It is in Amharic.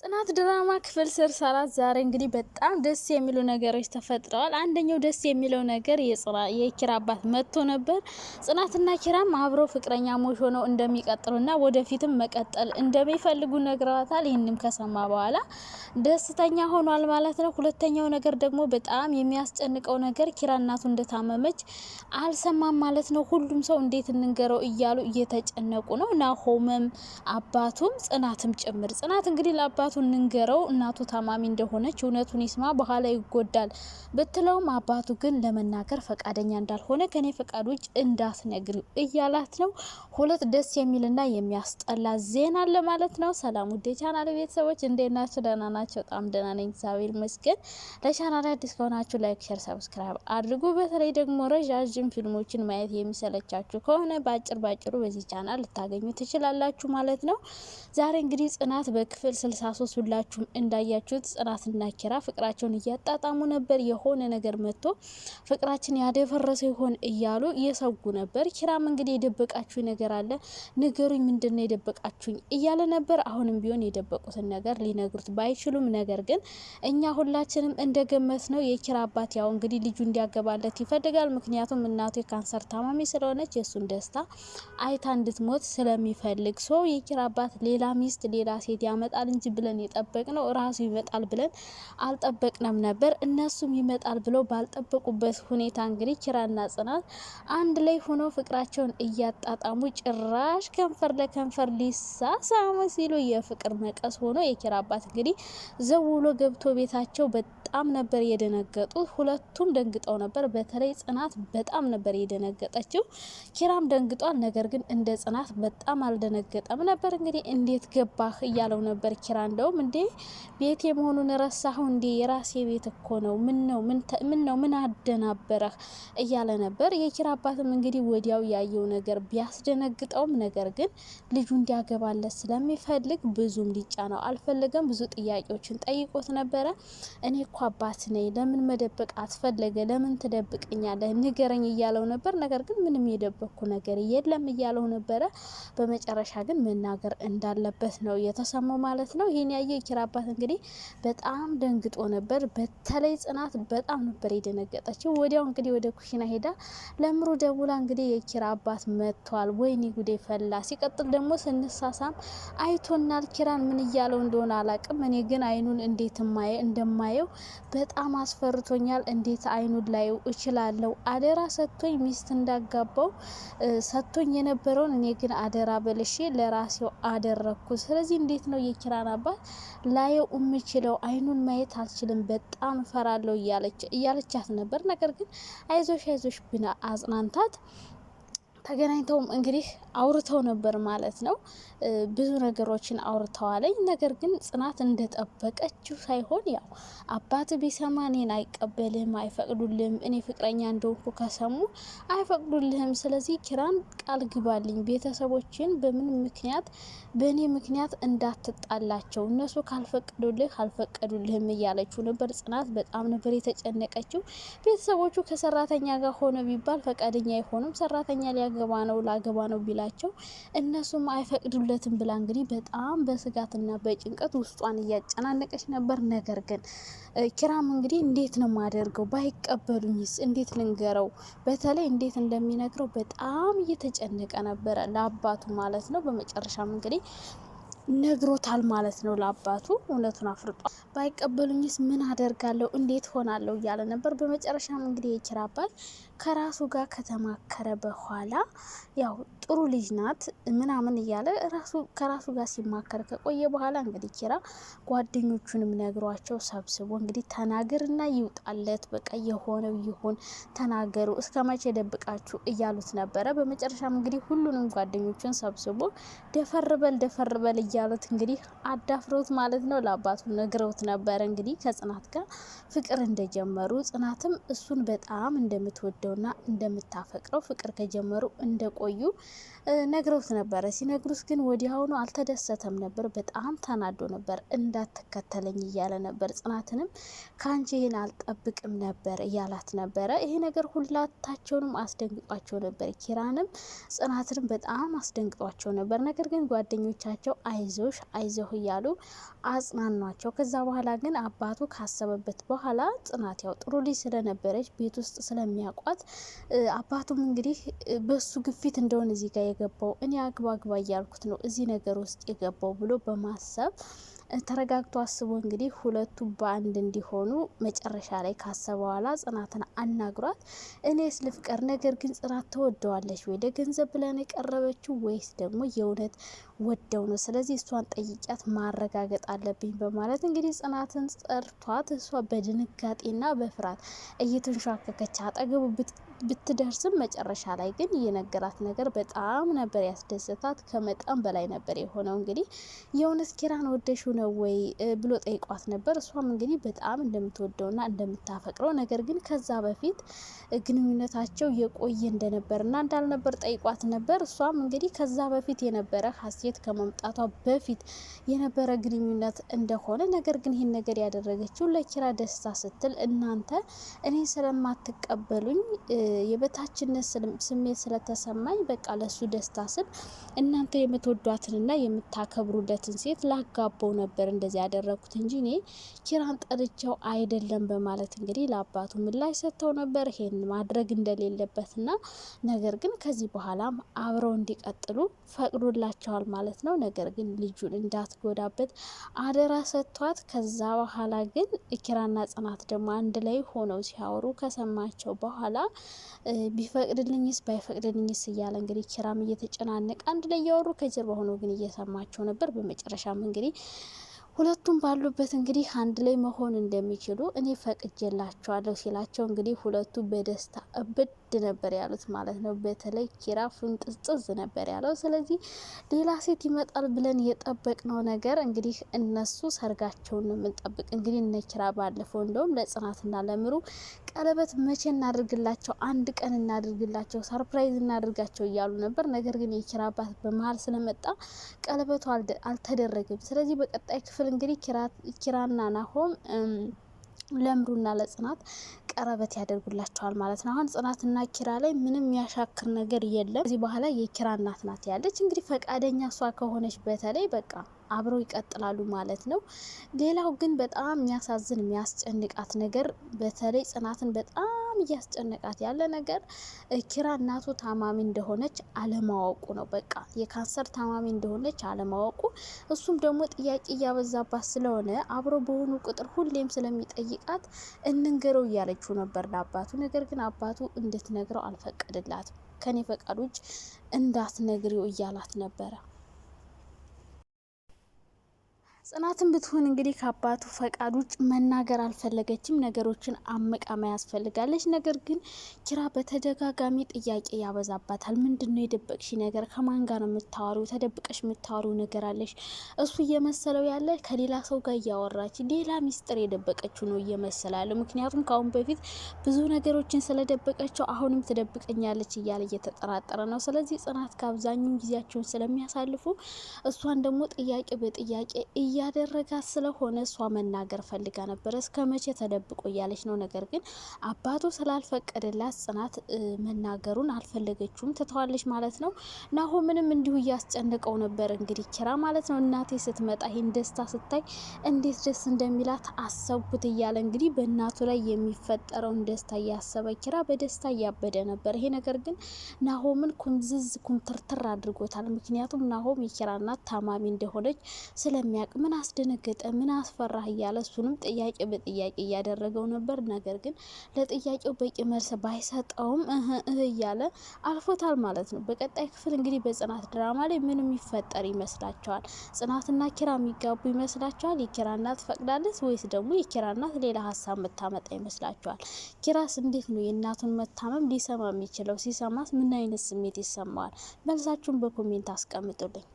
ጽናት ድራማ ክፍል ስር ሰራት ዛሬ እንግዲህ በጣም ደስ የሚሉ ነገሮች ተፈጥረዋል። አንደኛው ደስ የሚለው ነገር የኪራ አባት መጥቶ ነበር። ጽናትና ኪራም አብሮ ሞሽ ሆነው እንደሚቀጥሉና ወደፊትም መቀጠል እንደሚፈልጉ ነግረዋታል። ይህንም ከሰማ በኋላ ደስተኛ ሆኗል ማለት ነው። ሁለተኛው ነገር ደግሞ በጣም የሚያስጨንቀው ነገር ኪራ እናቱ እንደታመመች አልሰማም ማለት ነው። ሁሉም ሰው እንዴት እንንገረው እያሉ እየተጨነቁ ነው። ናሆምም አባቱም ጽናትም ጭምር ጽናት እንግዲህ ለአባ ለአባቱ እንንገረው፣ እናቱ ታማሚ እንደሆነች እውነቱን ይስማ፣ በኋላ ይጎዳል ብትለውም አባቱ ግን ለመናገር ፈቃደኛ እንዳልሆነ ከኔ ፈቃድ ውጭ እንዳትነግሪው እያላት ነው። ሁለት ደስ የሚልና የሚያስጠላ ዜና አለ ማለት ነው። ሰላም ውዴ ቻናል ቤተሰቦች እንዴት ናቸው? ደህና ናቸው? በጣም ደህና ነኝ እግዚአብሔር ይመስገን። ለቻናል አዲስ ከሆናችሁ ላይክ፣ ሸር፣ ሰብስክራይብ አድርጉ። በተለይ ደግሞ ረዣዥም ፊልሞችን ማየት የሚሰለቻችሁ ከሆነ በአጭር ባጭሩ በዚህ ቻናል ልታገኙ ትችላላችሁ ማለት ነው። ዛሬ እንግዲህ ጽናት በክፍል ስልሳ ሶስት ሁላችሁም እንዳያችሁት ጽናትና ኪራ ፍቅራቸውን እያጣጣሙ ነበር። የሆነ ነገር መጥቶ ፍቅራችን ያደፈረሰ ይሆን እያሉ እየሰጉ ነበር። ኪራም እንግዲህ የደበቃችሁኝ ነገር አለ ንገሩኝ፣ ምንድን ነው የደበቃችሁኝ እያለ ነበር። አሁንም ቢሆን የደበቁትን ነገር ሊነግሩት ባይችሉም፣ ነገር ግን እኛ ሁላችንም እንደገመት ነው የኪራ አባት ያው እንግዲህ ልጁ እንዲያገባለት ይፈልጋል። ምክንያቱም እናቱ የካንሰር ታማሚ ስለሆነች የእሱን ደስታ አይታ እንድትሞት ስለሚፈልግ ሰው የኪራ አባት ሌላ ሚስት ሌላ ሴት ያመጣል እንጂ ብለ ብለን የጠበቅነው ራሱ ይመጣል ብለን አልጠበቅንም ነበር። እነሱም ይመጣል ብለው ባልጠበቁበት ሁኔታ እንግዲህ ኪራና ጽናት አንድ ላይ ሆኖ ፍቅራቸውን እያጣጣሙ ጭራሽ ከንፈር ለከንፈር ሊሳሳሙ ሲሉ የፍቅር መቀስ ሆኖ የኪራ አባት እንግዲህ ዘውሎ ገብቶ ቤታቸው በጣም በጣም ነበር የደነገጡ። ሁለቱም ደንግጠው ነበር። በተለይ ጽናት በጣም ነበር የደነገጠችው። ኪራም ደንግጧል። ነገር ግን እንደ ጽናት በጣም አልደነገጠም ነበር። እንግዲህ እንዴት ገባህ እያለው ነበር ኪራ። እንደውም እንዴ ቤት የመሆኑን ረሳሁ እንዴ? የራሴ ቤት እኮ ነው። ምን ነው ምን ነው ምን አደናበረህ እያለ ነበር። የኪራ አባትም እንግዲህ ወዲያው ያየው ነገር ቢያስደነግጠውም ነገር ግን ልጁ እንዲያገባለት ስለሚፈልግ ብዙም ሊጫ ነው አልፈለገም። ብዙ ጥያቄዎችን ጠይቆት ነበረ እኔ እኮ አባት ነኝ፣ ለምን መደበቅ አስፈለገ? ለምን ትደብቀኛለህ? ንገረኝ እያለው ነበር። ነገር ግን ምንም የደበቅኩ ነገር የለም እያለው ነበረ። በመጨረሻ ግን መናገር እንዳለበት ነው የተሰማው ማለት ነው። ይህን ያየ የኪራ አባት እንግዲህ በጣም ደንግጦ ነበር። በተለይ ጽናት በጣም ነበር የደነገጠችው። ወዲያው እንግዲህ ወደ ኩሽና ሄዳ ለምሩ ደውላ እንግዲህ የኪራ አባት መጥቷል፣ ወይኔ ጉዴ ፈላ። ሲቀጥል ደግሞ ስንሳሳም አይቶናል። ኪራን ምን እያለው እንደሆነ አላቅም። እኔ ግን አይኑን እንዴት እንደማየው በጣም አስፈርቶኛል። እንዴት አይኑን ላየው እችላለሁ? አደራ ሰጥቶኝ ሚስት እንዳጋባው ሰጥቶኝ የነበረውን እኔ ግን አደራ በልሼ ለራሴው አደረግኩ። ስለዚህ እንዴት ነው የኪራን አባት ላየው የምችለው? አይኑን ማየት አልችልም፣ በጣም እፈራለሁ እያለቻት ነበር። ነገር ግን አይዞሽ አይዞሽ ብና አጽናንታት ተገናኝተውም እንግዲህ አውርተው ነበር ማለት ነው። ብዙ ነገሮችን አውርተዋለኝ። ነገር ግን ጽናት እንደጠበቀችው ሳይሆን ያው አባት ቢሰማ እኔን አይቀበልም፣ አይፈቅዱልህም እኔ ፍቅረኛ እንደሆንኩ ከሰሙ አይፈቅዱልህም። ስለዚህ ኪራን ቃል ግባልኝ፣ ቤተሰቦችን በምን ምክንያት በእኔ ምክንያት እንዳትጣላቸው፣ እነሱ ካልፈቀዱልህ አልፈቀዱልህም እያለችው ነበር። ጽናት በጣም ነበር የተጨነቀችው። ቤተሰቦቹ ከሰራተኛ ጋር ሆነ ቢባል ፈቃደኛ አይሆኑም ሰራተኛ ሊያገ ላገባ ነው ላገባ ነው ቢላቸው እነሱም አይፈቅዱለትም ብላ እንግዲህ በጣም በስጋትና በጭንቀት ውስጧን እያጨናነቀች ነበር። ነገር ግን ኪራም እንግዲህ እንዴት ነው ማደርገው ባይቀበሉኝስ እንዴት ልንገረው፣ በተለይ እንዴት እንደሚነግረው በጣም እየተጨነቀ ነበረ፣ ለአባቱ ማለት ነው። በመጨረሻም እንግዲህ ነግሮታል ማለት ነው ለአባቱ እውነቱን አፍርጧል። ባይቀበሉኝስ ምን አደርጋለሁ እንዴት ሆናለሁ እያለ ነበር። በመጨረሻም እንግዲህ የኪራ አባት ከራሱ ጋር ከተማከረ በኋላ ያው ጥሩ ልጅ ናት ምናምን እያለ ራሱ ከራሱ ጋር ሲማከር ከቆየ በኋላ እንግዲህ ኪራ ጓደኞቹንም ነግሯቸው ሰብስቦ እንግዲህ ተናገርና ይውጣለት፣ በቃ የሆነው ይሁን ተናገሩ፣ እስከ መቼ ደብቃችሁ እያሉት ነበረ። በመጨረሻም እንግዲህ ሁሉንም ጓደኞቹን ሰብስቦ ደፈርበል ደፈርበል እያሉት እንግዲህ አዳፍረውት ማለት ነው። ለአባቱ ነግረውት ነበረ እንግዲህ ከጽናት ጋር ፍቅር እንደጀመሩ ጽናትም እሱን በጣም እንደምትወደው እንደምትወደውና እንደምታፈቅረው ፍቅር ከጀመሩ እንደቆዩ ነግረውት ነበረ። ሲነግሩት ግን ወዲያውኑ አልተደሰተም ነበር። በጣም ተናዶ ነበር። እንዳትከተለኝ እያለ ነበር። ጽናትንም ከአንቺ ይህን አልጠብቅም ነበር እያላት ነበረ። ይሄ ነገር ሁላታቸውንም አስደንግጧቸው ነበር። ኪራንም ጽናትንም በጣም አስደንግጧቸው ነበር። ነገር ግን ጓደኞቻቸው አይዞሽ አይዞህ እያሉ አጽናኗቸው። ከዛ በኋላ ግን አባቱ ካሰበበት በኋላ ጽናት ያው ጥሩ ልጅ ስለነበረች ቤት ውስጥ ስለሚያውቋት አባቱም እንግዲህ በሱ ግፊት እንደሆነ እዚህ ጋር የገባው እኔ አግባ አግባ እያልኩት ነው እዚህ ነገር ውስጥ የገባው ብሎ በማሰብ ተረጋግቶ አስቦ እንግዲህ ሁለቱ በአንድ እንዲሆኑ መጨረሻ ላይ ካሰበ በኋላ ጽናትን አናግሯት፣ እኔ ስልፍቀር ነገር ግን ጽናት ተወደዋለች ወይ ለገንዘብ ብለን የቀረበችው ወይስ ደግሞ የእውነት ወደው ነው። ስለዚህ እሷን ጠይቂያት ማረጋገጥ አለብኝ በማለት እንግዲህ ጽናትን ጠርቷት እሷ በድንጋጤና በፍርሃት እየተንሸዋከከች አጠገቡ ብትደርስም መጨረሻ ላይ ግን የነገራት ነገር በጣም ነበር ያስደሰታት። ከመጠን በላይ ነበር የሆነው። እንግዲህ የእውነት ኪራን ወደሹ ነው ወይ ብሎ ጠይቋት ነበር። እሷም እንግዲህ በጣም እንደምትወደውና እንደምታፈቅረው ነገር ግን ከዛ በፊት ግንኙነታቸው የቆየ እንደነበርና እንዳልነበር ጠይቋት ነበር። እሷም እንግዲህ ከዛ በፊት የነበረ ሀሴ ሴት ከመምጣቷ በፊት የነበረ ግንኙነት እንደሆነ ነገር ግን ይህን ነገር ያደረገችው ለኪራ ደስታ ስትል እናንተ እኔ ስለማትቀበሉኝ የበታችነት ስሜት ስለተሰማኝ በቃ ለሱ ደስታ ስል እናንተ የምትወዷትንና የምታከብሩለትን ሴት ላጋባው ነበር እንደዚህ ያደረኩት እንጂ እኔ ኪራን ጠርቻው አይደለም በማለት እንግዲህ ለአባቱ ምላሽ ሰጥተው ነበር ይሄን ማድረግ እንደሌለበትና ነገር ግን ከዚህ በኋላም አብረው እንዲቀጥሉ ፈቅዶላቸዋል። ማለት ነው። ነገር ግን ልጁን እንዳትጎዳበት አደራ ሰጥቷት፣ ከዛ በኋላ ግን ኪራና ጽናት ደግሞ አንድ ላይ ሆነው ሲያወሩ ከሰማቸው በኋላ ቢፈቅድልኝስ ባይፈቅድልኝስ እያለ እንግዲህ ኪራም እየተጨናነቀ አንድ ላይ እያወሩ ከጀርባ ሆኖ ግን እየሰማቸው ነበር። በመጨረሻም እንግዲህ ሁለቱም ባሉበት እንግዲህ አንድ ላይ መሆን እንደሚችሉ እኔ ፈቅጄላቸዋለሁ ሲላቸው እንግዲህ ሁለቱ በደስታ እብድ ግድ ነበር ያሉት ማለት ነው። በተለይ ኪራ ፍንጥዝጥዝ ነበር ያለው። ስለዚህ ሌላ ሴት ይመጣል ብለን የጠበቅነው ነገር እንግዲህ እነሱ ሰርጋቸውን ነው የምንጠብቅ። እንግዲህ እነ ኪራ ባለፈው እንደውም ለጽናትና ለምሩ ቀለበት መቼ እናድርግላቸው፣ አንድ ቀን እናድርግላቸው፣ ሰርፕራይዝ እናድርጋቸው እያሉ ነበር። ነገር ግን የኪራ አባት በመሀል ስለመጣ ቀለበቱ አልተደረገም። ስለዚህ በቀጣይ ክፍል እንግዲህ ኪራና ናሆም ለምሩና ለጽናት ቀረበት ያደርጉላቸዋል ማለት ነው። አሁን ጽናትና ኪራ ላይ ምንም ያሻክር ነገር የለም። ከዚህ በኋላ የኪራ እናት ናት ያለች እንግዲህ ፈቃደኛ እሷ ከሆነች በተለይ በቃ አብረው ይቀጥላሉ ማለት ነው። ሌላው ግን በጣም የሚያሳዝን የሚያስጨንቃት ነገር በተለይ ጽናትን በጣም እያስጨነቃት ያለ ነገር ኪራ እናቱ ታማሚ እንደሆነች አለማወቁ ነው። በቃ የካንሰር ታማሚ እንደሆነች አለማወቁ፣ እሱም ደግሞ ጥያቄ እያበዛባት ስለሆነ አብሮ በሆኑ ቁጥር ሁሌም ስለሚጠይቃት እንንገረው እያለችው ነበር ለአባቱ። ነገር ግን አባቱ እንድትነግረው አልፈቀድላትም ከኔ ፈቃድ ውጭ እንዳትነግሪው እያላት ነበረ። ጽናትን ብትሆን እንግዲህ ከአባቱ ፈቃድ ውጭ መናገር አልፈለገችም። ነገሮችን አምቃ መያዝ ፈልጋለች። ነገር ግን ኪራ በተደጋጋሚ ጥያቄ ያበዛባታል። ምንድን ነው የደበቅሽ ነገር? ከማን ጋር ነው ተደብቀሽ የምታወሩ ነገር አለሽ። እሱ እየመሰለው ያለ ከሌላ ሰው ጋር እያወራች ሌላ ሚስጥር የደበቀችው ነው እየመሰላለ። ምክንያቱም ከአሁን በፊት ብዙ ነገሮችን ስለደበቀችው አሁንም ትደብቀኛለች እያለ እየተጠራጠረ ነው። ስለዚህ ጽናት ከአብዛኛውን ጊዜያቸውን ስለሚያሳልፉ እሷን ደግሞ ጥያቄ በጥያቄ እያ እያደረጋት ስለሆነ እሷ መናገር ፈልጋ ነበረ እስከ መቼ ተደብቆ እያለች ነው። ነገር ግን አባቱ ስላልፈቀደላት ጽናት መናገሩን አልፈለገችውም፣ ትተዋለች ማለት ነው። ናሆ ምንም እንዲሁ እያስጨነቀው ነበር እንግዲህ ኪራ ማለት ነው። እናቴ ስትመጣ ይህን ደስታ ስታይ እንዴት ደስ እንደሚላት አሰብኩት እያለ እንግዲህ በእናቱ ላይ የሚፈጠረውን ደስታ እያሰበ ኪራ በደስታ እያበደ ነበር። ይሄ ነገር ግን ናሆምን ኩምዝዝ ኩምትርትር አድርጎታል። ምክንያቱም ናሆም የኪራ እናት ታማሚ እንደሆነች ስለሚያቅም ምን አስደነገጠ፣ ምን አስፈራ እያለ እሱንም ጥያቄ በጥያቄ እያደረገው ነበር። ነገር ግን ለጥያቄው በቂ መልስ ባይሰጠውም እህ እያለ አልፎታል ማለት ነው። በቀጣይ ክፍል እንግዲህ በጽናት ድራማ ላይ ምን የሚፈጠር ይመስላችኋል? ጽናትና ኪራ የሚጋቡ ይመስላችኋል? የኪራ እናት ፈቅዳለት ወይስ ደግሞ የኪራ እናት ሌላ ሀሳብ መታመጣ ይመስላችኋል? ኪራስ እንዴት ነው የእናቱን መታመም ሊሰማ የሚችለው? ሲሰማስ ምን አይነት ስሜት ይሰማዋል? መልሳችሁን በኮሜንት አስቀምጡልኝ።